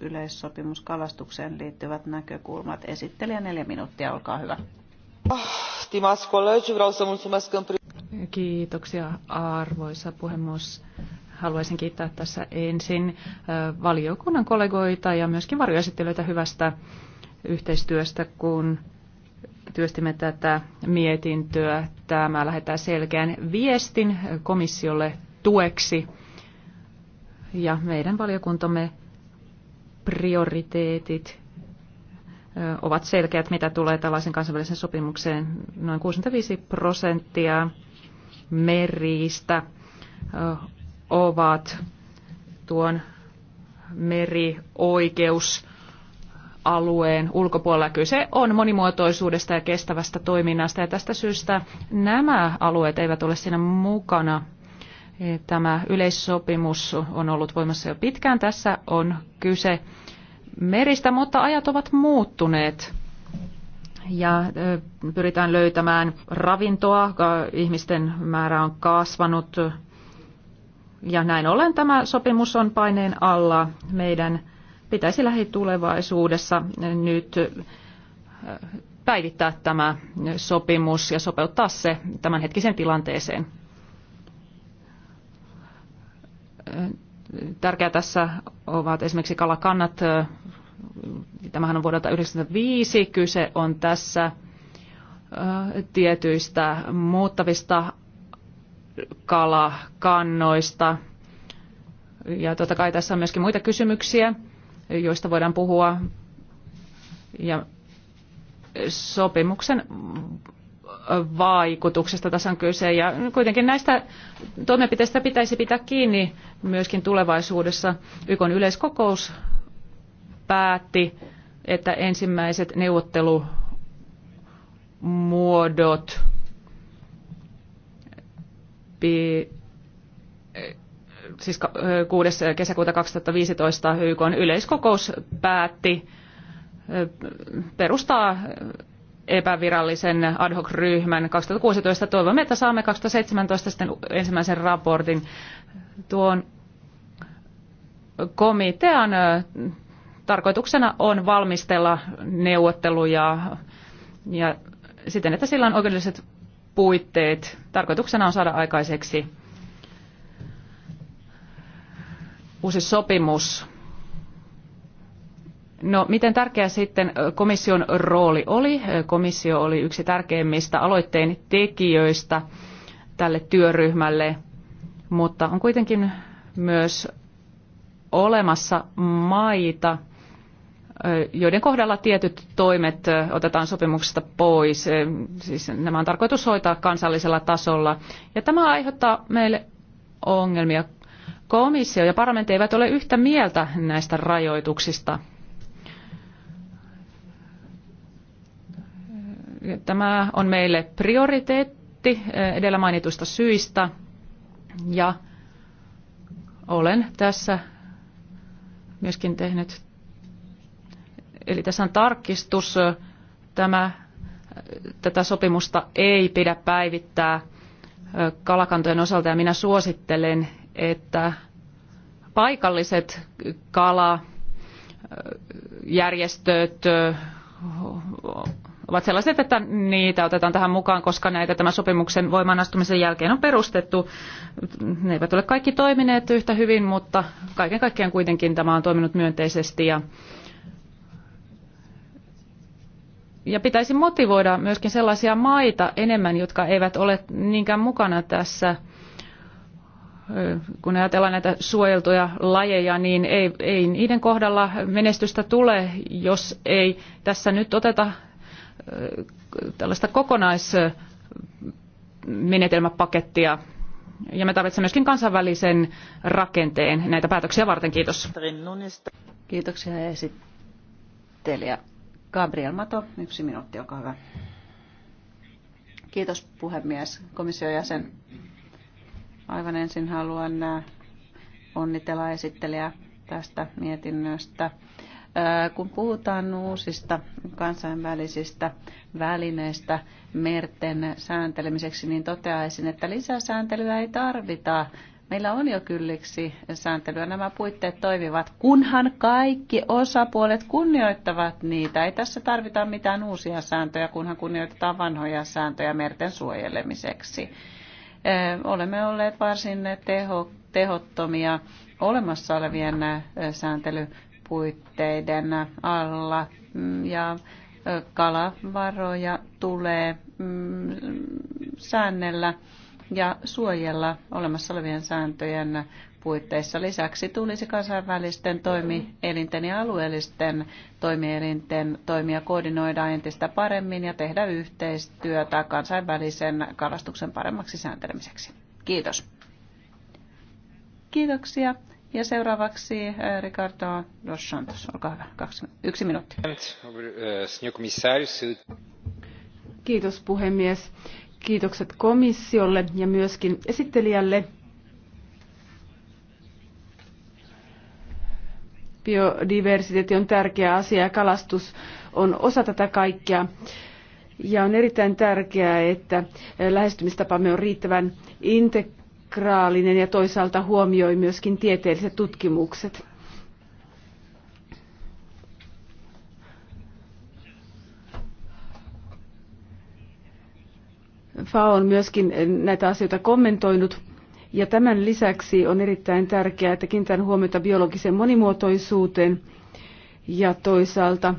yleissopimus kalastukseen liittyvät näkökulmat. Esittelijä neljä minuuttia, olkaa hyvä. Ah, Kiitoksia arvoisa puhemies. Haluaisin kiittää tässä ensin äh, valiokunnan kollegoita ja myöskin varjoesittelyitä hyvästä yhteistyöstä, kun työstimme tätä mietintöä. Tämä lähettää selkeän viestin komissiolle tueksi ja meidän valiokuntamme prioriteetit ovat selkeät, mitä tulee tällaisen kansainvälisen sopimukseen. Noin 65 prosenttia meristä ovat tuon merioikeus alueen ulkopuolella. Kyse on monimuotoisuudesta ja kestävästä toiminnasta ja tästä syystä nämä alueet eivät ole siinä mukana Tämä yleissopimus on ollut voimassa jo pitkään. Tässä on kyse meristä, mutta ajat ovat muuttuneet ja pyritään löytämään ravintoa. Ihmisten määrä on kasvanut ja näin ollen tämä sopimus on paineen alla. Meidän pitäisi lähitulevaisuudessa nyt päivittää tämä sopimus ja sopeuttaa se tämänhetkiseen tilanteeseen. Tärkeää tässä ovat esimerkiksi kalakannat. Tämähän on vuodelta 1995. Kyse on tässä tietyistä muuttavista kalakannoista. Ja totta kai tässä on myöskin muita kysymyksiä, joista voidaan puhua. Ja sopimuksen vaikutuksesta tässä on kyse. Ja kuitenkin näistä toimenpiteistä pitäisi pitää kiinni myöskin tulevaisuudessa. ykon yleiskokous päätti, että ensimmäiset neuvottelumuodot siis 6. kesäkuuta 2015 YK yleiskokous päätti perustaa epävirallisen ad hoc ryhmän 2016. Toivomme, että saamme 2017 sitten ensimmäisen raportin tuon komitean tarkoituksena on valmistella neuvotteluja ja siten, että sillä on oikeudelliset puitteet. Tarkoituksena on saada aikaiseksi uusi sopimus No, miten tärkeä sitten komission rooli oli? Komissio oli yksi tärkeimmistä aloitteen tekijöistä tälle työryhmälle, mutta on kuitenkin myös olemassa maita, joiden kohdalla tietyt toimet otetaan sopimuksesta pois. Siis nämä on tarkoitus hoitaa kansallisella tasolla. Ja tämä aiheuttaa meille ongelmia. Komissio ja parlamentti eivät ole yhtä mieltä näistä rajoituksista – Tämä on meille prioriteetti eh, edellä mainituista syistä ja olen tässä myöskin tehnyt, eli tässä on tarkistus, tämä, tätä sopimusta ei pidä päivittää eh, kalakantojen osalta ja minä suosittelen, että paikalliset kalajärjestöt eh, ovat sellaiset, että niitä otetaan tähän mukaan, koska näitä tämän sopimuksen voimaanastumisen jälkeen on perustettu. Ne eivät ole kaikki toimineet yhtä hyvin, mutta kaiken kaikkiaan kuitenkin tämä on toiminut myönteisesti ja ja pitäisi motivoida myöskin sellaisia maita enemmän, jotka eivät ole niinkään mukana tässä kun ajatellaan näitä suojeltuja lajeja, niin ei, ei niiden kohdalla menestystä tule, jos ei tässä nyt oteta tällaista kokonaismenetelmäpakettia. Ja me tarvitsemme myöskin kansainvälisen rakenteen näitä päätöksiä varten. Kiitos. Kiitoksia esittelijä. Gabriel Mato, yksi minuutti, olkaa hyvä. Kiitos puhemies, komission jäsen. Aivan ensin haluan äh, onnitella esittelijää tästä mietinnöstä. Kun puhutaan uusista kansainvälisistä välineistä merten sääntelemiseksi, niin toteaisin, että lisäsääntelyä ei tarvita. Meillä on jo kylliksi sääntelyä. Nämä puitteet toimivat, kunhan kaikki osapuolet kunnioittavat niitä. Ei tässä tarvita mitään uusia sääntöjä, kunhan kunnioitetaan vanhoja sääntöjä merten suojelemiseksi. Olemme olleet varsin tehottomia olemassa olevien sääntely puitteiden alla ja kalavaroja tulee mm, säännellä ja suojella olemassa olevien sääntöjen puitteissa. Lisäksi tulisi kansainvälisten toimielinten ja alueellisten toimielinten toimia koordinoida entistä paremmin ja tehdä yhteistyötä kansainvälisen kalastuksen paremmaksi sääntelemiseksi. Kiitos. Kiitoksia. Ja seuraavaksi eh, Ricardo Dos Santos, olkaa hyvä, kaksi, yksi minuutti. Kiitos puhemies. Kiitokset komissiolle ja myöskin esittelijälle. Biodiversiteetti on tärkeä asia ja kalastus on osa tätä kaikkea. Ja on erittäin tärkeää, että lähestymistapamme on riittävän integroitu sakraalinen ja toisaalta huomioi myöskin tieteelliset tutkimukset. FA on myöskin näitä asioita kommentoinut. Ja tämän lisäksi on erittäin tärkeää, että kiinnitän huomiota biologiseen monimuotoisuuteen ja toisaalta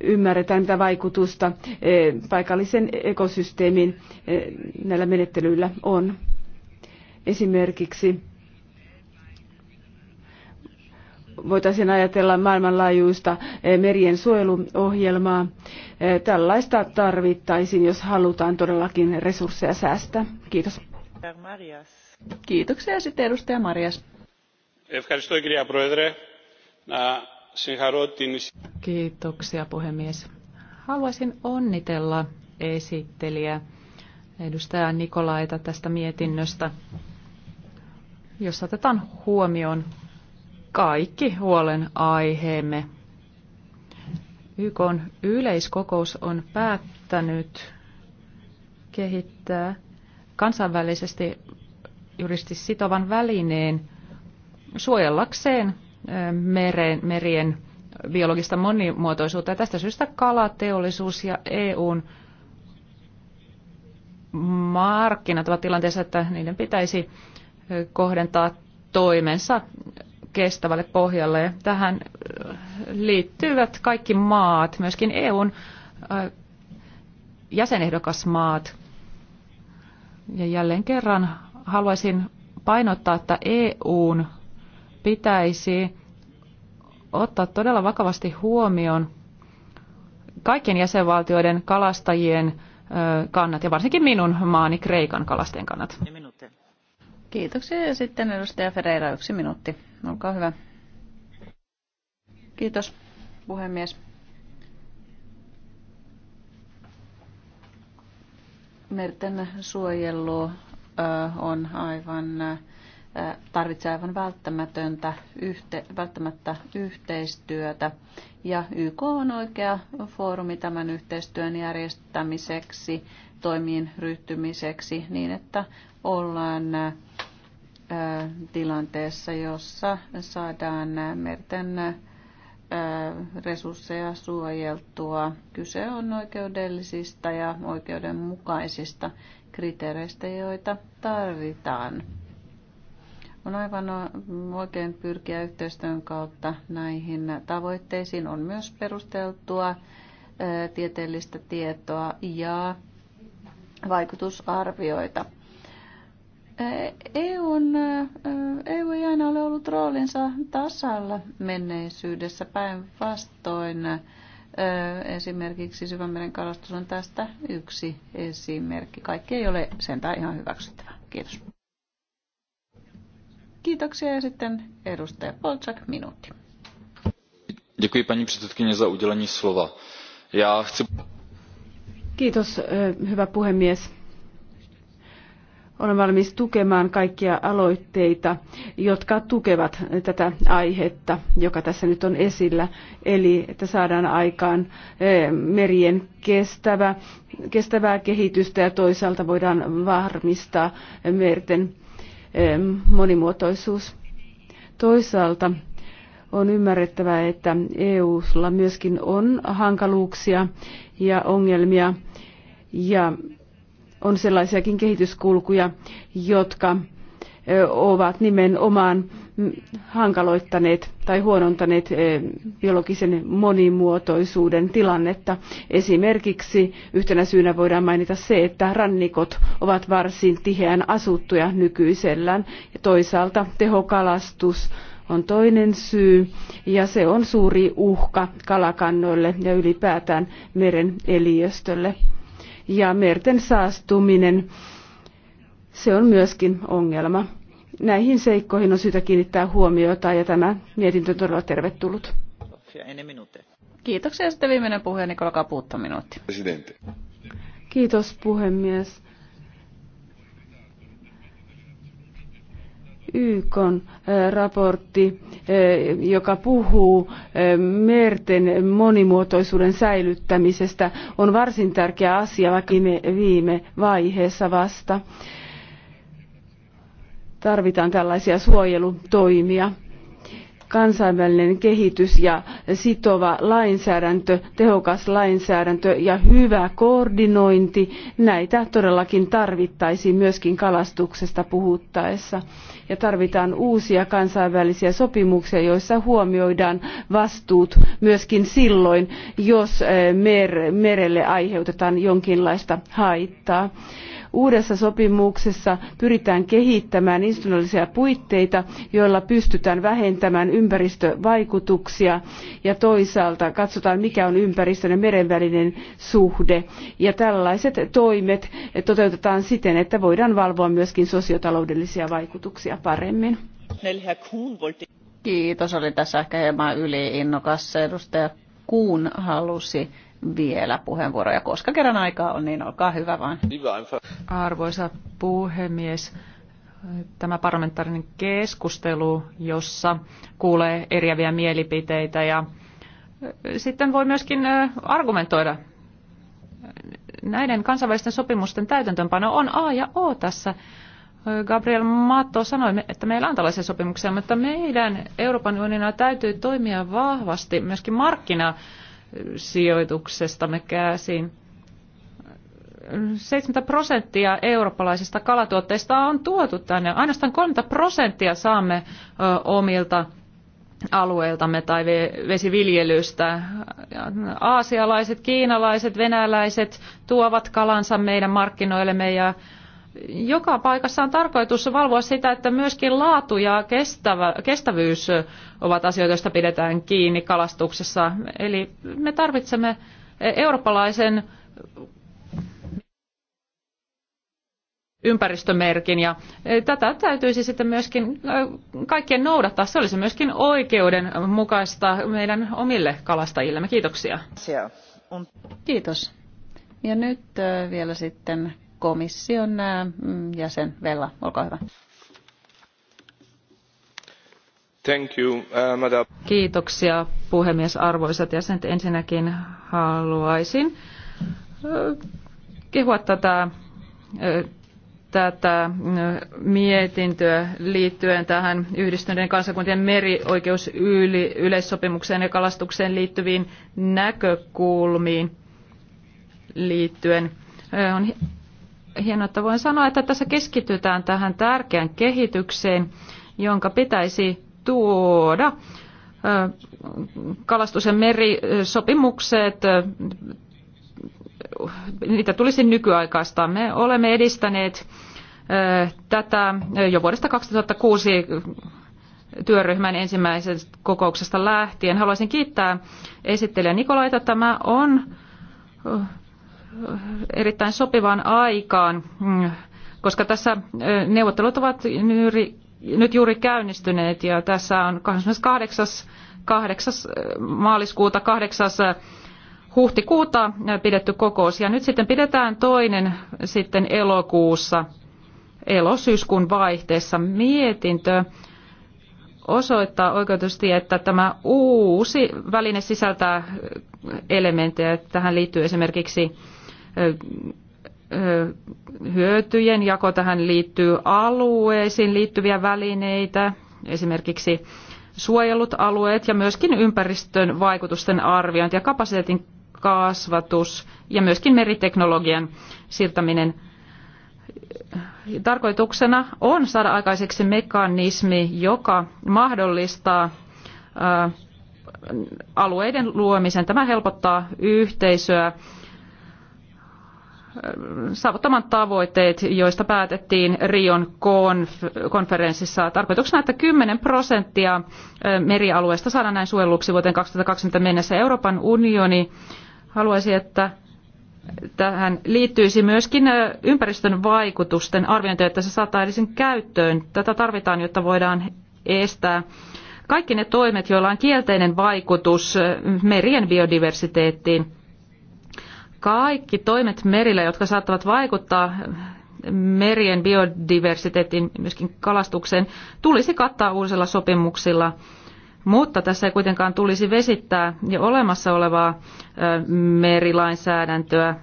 ymmärretään, tätä vaikutusta eh, paikallisen ekosysteemin eh, näillä menettelyillä on. Esimerkiksi voitaisiin ajatella maailmanlaajuista eh, merien suojeluohjelmaa. Eh, tällaista tarvittaisiin, jos halutaan todellakin resursseja säästää. Kiitos. Kiitoksia sitten edustaja Marias. Kiitoksia puhemies. Haluaisin onnitella esittelijä edustaja Nikolaita tästä mietinnöstä jossa otetaan huomioon kaikki huolen aiheemme. YK on yleiskokous on päättänyt kehittää kansainvälisesti juristi sitovan välineen suojellakseen meren, merien biologista monimuotoisuutta. Ja tästä syystä kalateollisuus ja EUn markkinat ovat tilanteessa, että niiden pitäisi kohdentaa toimensa kestävälle pohjalle. tähän liittyvät kaikki maat, myöskin EUn jäsenehdokasmaat. Ja jälleen kerran haluaisin painottaa, että EUn pitäisi ottaa todella vakavasti huomioon kaikkien jäsenvaltioiden kalastajien kannat ja varsinkin minun maani Kreikan kalastajien kannat. Kiitoksia. Ja sitten edustaja Ferreira, yksi minuutti. Olkaa hyvä. Kiitos, puhemies. Merten suojelu on aivan tarvitsee aivan välttämätöntä yhte, välttämättä yhteistyötä. Ja YK on oikea foorumi tämän yhteistyön järjestämiseksi, toimiin ryhtymiseksi niin, että ollaan tilanteessa, jossa saadaan merten resursseja suojeltua. Kyse on oikeudellisista ja oikeudenmukaisista kriteereistä, joita tarvitaan. On aivan oikein pyrkiä yhteistyön kautta näihin tavoitteisiin. On myös perusteltua tieteellistä tietoa ja vaikutusarvioita. EUn, EU ei aina ole ollut roolinsa tasalla menneisyydessä päinvastoin. Esimerkiksi Syvänmeren kalastus on tästä yksi esimerkki. Kaikki ei ole sentään ihan hyväksyttävää. Kiitos. Kiitoksia ja sitten edustaja Polczak, minuutti. Děkuji paní předsedkyně za udělení slova. Já chci... Kiitos, hyvä puhemies on valmis tukemaan kaikkia aloitteita, jotka tukevat tätä aihetta, joka tässä nyt on esillä. Eli että saadaan aikaan eh, merien kestävä, kestävää kehitystä ja toisaalta voidaan varmistaa merten eh, monimuotoisuus. Toisaalta on ymmärrettävä, että EU-sulla myöskin on hankaluuksia ja ongelmia ja on sellaisiakin kehityskulkuja, jotka ovat nimenomaan mm, hankaloittaneet tai huonontaneet biologisen monimuotoisuuden tilannetta. Esimerkiksi yhtenä syynä voidaan mainita se, että rannikot ovat varsin tiheän asuttuja nykyisellään. Toisaalta tehokalastus on toinen syy ja se on suuri uhka kalakannoille ja ylipäätään meren eliöstölle ja merten saastuminen. Se on myöskin ongelma. Näihin seikkoihin on syytä kiinnittää huomiota ja tämä mietintö on todella tervetullut. Kiitoksia. Sitten viimeinen puhuja Nikola niin Kaputta minuutti. Kiitos puhemies. YK raportti, joka puhuu merten monimuotoisuuden säilyttämisestä, on varsin tärkeä asia, vaikka viime vaiheessa vasta tarvitaan tällaisia suojelutoimia kansainvälinen kehitys ja sitova lainsäädäntö, tehokas lainsäädäntö ja hyvä koordinointi, näitä todellakin tarvittaisiin myöskin kalastuksesta puhuttaessa. Ja tarvitaan uusia kansainvälisiä sopimuksia, joissa huomioidaan vastuut myöskin silloin, jos eh, merelle aiheutetaan jonkinlaista haittaa Uudessa sopimuksessa pyritään kehittämään institutionaalisia puitteita, joilla pystytään vähentämään ympäristövaikutuksia ja toisaalta katsotaan, mikä on ympäristön ja meren välinen suhde. Ja tällaiset toimet toteutetaan siten, että voidaan valvoa myöskin sosiotaloudellisia vaikutuksia paremmin. Kiitos, oli tässä ehkä hieman yliinnokas. Edustaja Kuun halusi vielä puheenvuoroja, koska kerran aikaa on, niin olkaa hyvä vaan. Arvoisa puhemies, tämä parlamentaarinen keskustelu, jossa kuulee eriäviä mielipiteitä ja sitten voi myöskin argumentoida näiden kansainvälisten sopimusten täytäntöönpano on A ja O tässä. Gabriel Mato sanoi, että meillä on tällaisia sopimuksia, mutta meidän Euroopan unionina täytyy toimia vahvasti myöskin markkina sijoituksestamme käsin. 70 prosenttia eurooppalaisista kalatuotteista on tuotu tänne. Ainoastaan 30 prosenttia saamme omilta alueiltamme tai vesiviljelystä. Aasialaiset, kiinalaiset, venäläiset tuovat kalansa meidän markkinoillemme ja joka paikassa on tarkoitus valvoa sitä, että myöskin laatu ja kestävä, kestävyys ovat asioita, joista pidetään kiinni kalastuksessa. Eli me tarvitsemme eurooppalaisen ympäristömerkin ja tätä täytyisi sitten myöskin kaikkien noudattaa. Se olisi myöskin oikeudenmukaista meidän omille kalastajillemme. Kiitoksia. Kiitos. Ja nyt vielä sitten komission mm, jäsen Vella. Olkaa hyvä. Thank you, Kiitoksia puhemies arvoisat jäsenet. Ensinnäkin haluaisin kehua tätä, tätä mietintöä liittyen tähän yhdistyneiden kansakuntien merioikeusyleissopimukseen ja kalastukseen liittyviin näkökulmiin liittyen. On hienoa, että voin sanoa, että tässä keskitytään tähän tärkeään kehitykseen, jonka pitäisi tuoda kalastus- ja merisopimukset, niitä tulisi nykyaikaista. Me olemme edistäneet tätä jo vuodesta 2006 työryhmän ensimmäisestä kokouksesta lähtien. Haluaisin kiittää esittelijä Nikolaita. Tämä on erittäin sopivaan aikaan, mm, koska tässä neuvottelut ovat nyt juuri käynnistyneet ja tässä on 28. 8. maaliskuuta 8 huhtikuuta pidetty kokous ja nyt sitten pidetään toinen sitten elokuussa elosyyskuun vaihteessa mietintö osoittaa oikeutusti, että tämä uusi väline sisältää elementtejä. Tähän liittyy esimerkiksi hyötyjen jako tähän liittyy alueisiin liittyviä välineitä, esimerkiksi suojellut alueet ja myöskin ympäristön vaikutusten arviointi ja kapasiteetin kasvatus ja myöskin meriteknologian siirtäminen. Tarkoituksena on saada aikaiseksi mekanismi, joka mahdollistaa alueiden luomisen. Tämä helpottaa yhteisöä saavuttamaan tavoitteet, joista päätettiin Rion konferenssissa. Tarkoituksena, että 10 prosenttia merialueesta saadaan näin suojelluksi vuoteen 2020 mennessä. Euroopan unioni haluaisi, että tähän liittyisi myöskin ympäristön vaikutusten arviointi, että se saataisiin käyttöön. Tätä tarvitaan, jotta voidaan estää kaikki ne toimet, joilla on kielteinen vaikutus merien biodiversiteettiin kaikki toimet merillä, jotka saattavat vaikuttaa merien biodiversiteettiin, myöskin kalastukseen, tulisi kattaa uusilla sopimuksilla, mutta tässä ei kuitenkaan tulisi vesittää jo olemassa olevaa merilainsäädäntöä.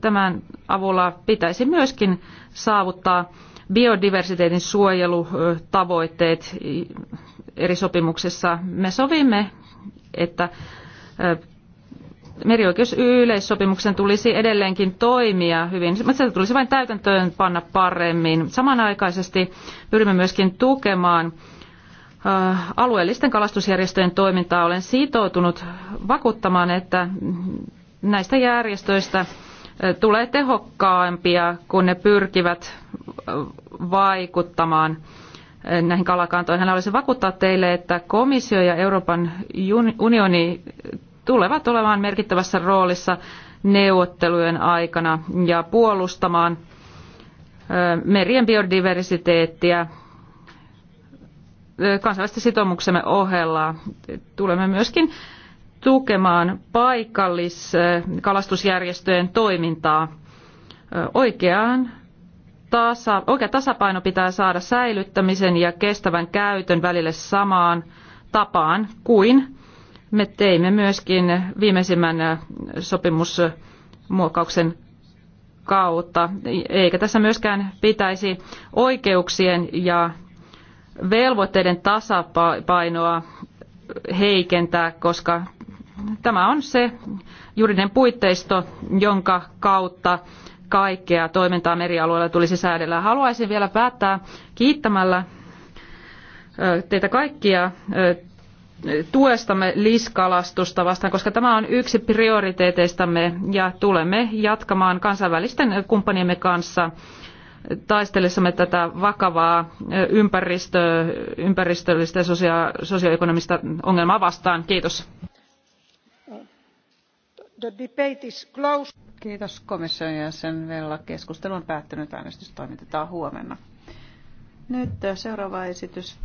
Tämän avulla pitäisi myöskin saavuttaa biodiversiteetin suojelutavoitteet eri sopimuksissa. Me sovimme, että merioikeusyleissopimuksen tulisi edelleenkin toimia hyvin, mutta se tulisi vain täytäntöön panna paremmin. Samanaikaisesti pyrimme myöskin tukemaan äh, alueellisten kalastusjärjestöjen toimintaa. Olen sitoutunut vakuuttamaan, että näistä järjestöistä äh, tulee tehokkaampia, kun ne pyrkivät äh, vaikuttamaan näihin kalakantoihin. Haluaisin vakuuttaa teille, että komissio ja Euroopan unioni tulevat olemaan merkittävässä roolissa neuvottelujen aikana ja puolustamaan merien biodiversiteettiä kansainvälisten sitoumuksemme ohella. Tulemme myöskin tukemaan paikalliskalastusjärjestöjen toimintaa oikeaan tasa, oikea tasapaino pitää saada säilyttämisen ja kestävän käytön välille samaan tapaan kuin me teimme myöskin viimeisimmän äh, sopimusmuokkauksen kautta, eikä tässä myöskään pitäisi oikeuksien ja velvoitteiden tasapainoa heikentää, koska tämä on se juridinen puitteisto, jonka kautta kaikkea toimintaa merialueella tulisi säädellä. Haluaisin vielä päättää kiittämällä äh, teitä kaikkia äh, tuestamme liskalastusta vastaan, koska tämä on yksi prioriteeteistamme ja tulemme jatkamaan kansainvälisten kumppaniemme kanssa taistellessamme tätä vakavaa ympäristö, ympäristöllistä ja sosio- sosioekonomista ongelmaa vastaan. Kiitos. Kiitos komission jäsen Vella. Keskustelu on päättynyt. Äänestys toimitetaan huomenna. Nyt seuraava esitys.